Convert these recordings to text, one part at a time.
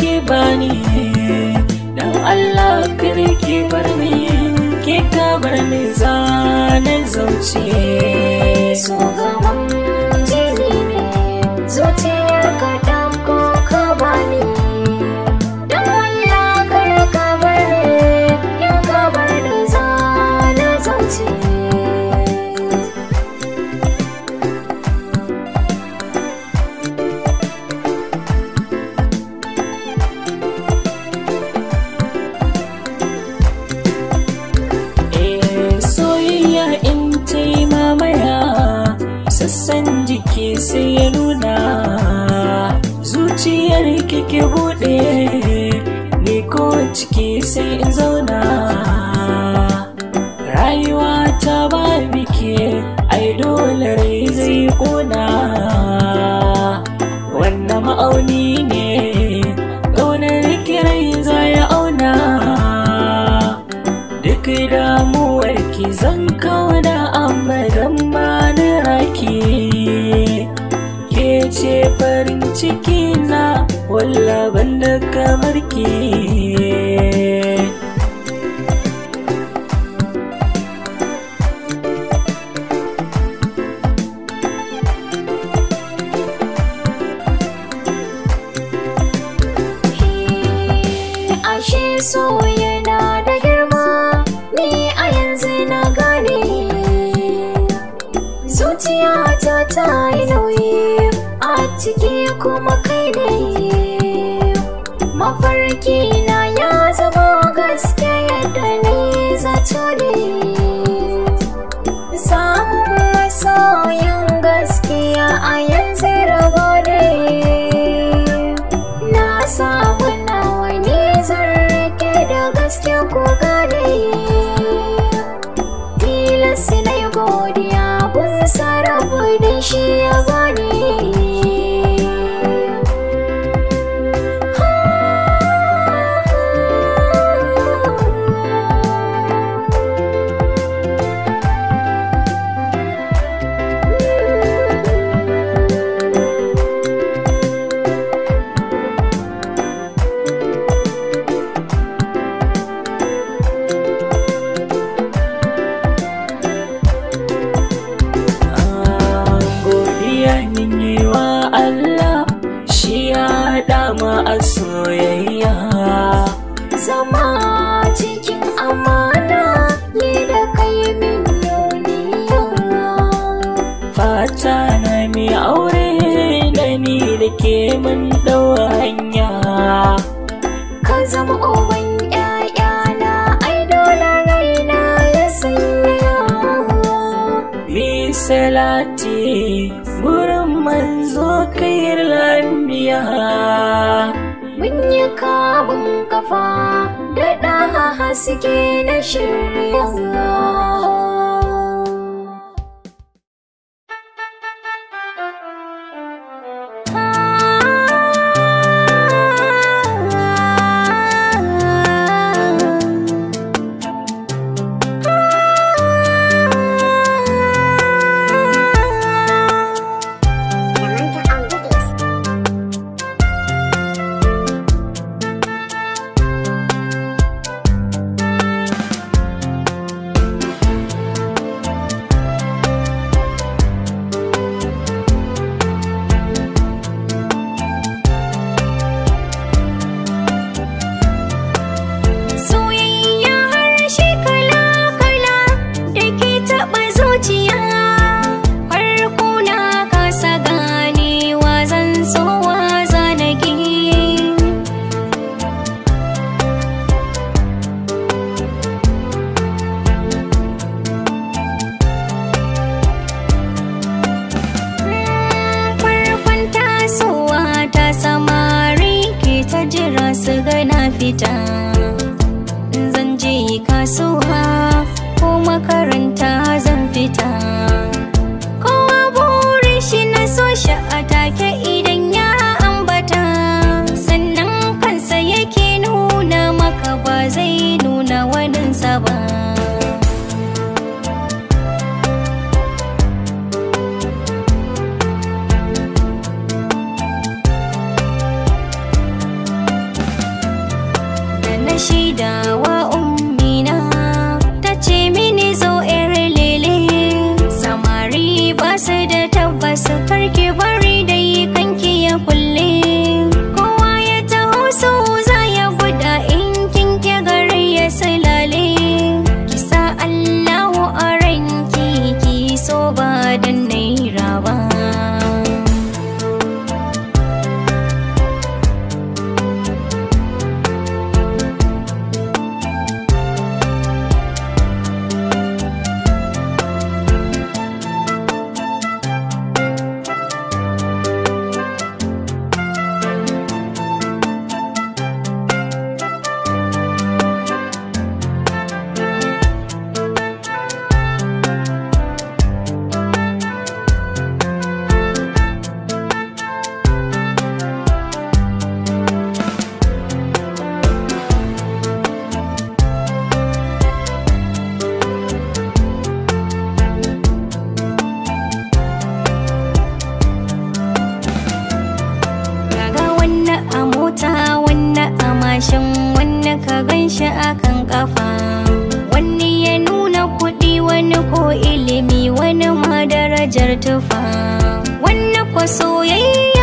ke bani dan Allah kare ke bar ni ke ka bar ni zanen zauce so gaban kofar kike buɗe ni ko ciki sai in zauna rayuwa ta ba bike ai dole rai zai kona wannan ma'auni ne ƙaunar kirai za ya auna duk damuwar ki zan kauna ce farin ciki na walla banda kamar ki She's kuma mafarki na ya zama gaske yadda ni zato ne dama a soyayya zama cikin amana ne da kai miliyoniya fata na mai aure da ni da ke mun dau hanya ka zama uban ƴaƴana ai dole raina ya sanya mi salati gurin manzo kai lambiya abin kafa daɗa haske na shirya Time. jar tufa wannan kwa soyayya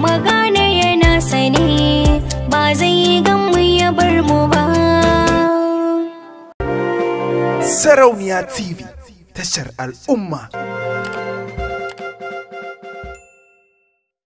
magana yana sani ba zai gan mu ya bar mu ba sarauniya tv tashar al'umma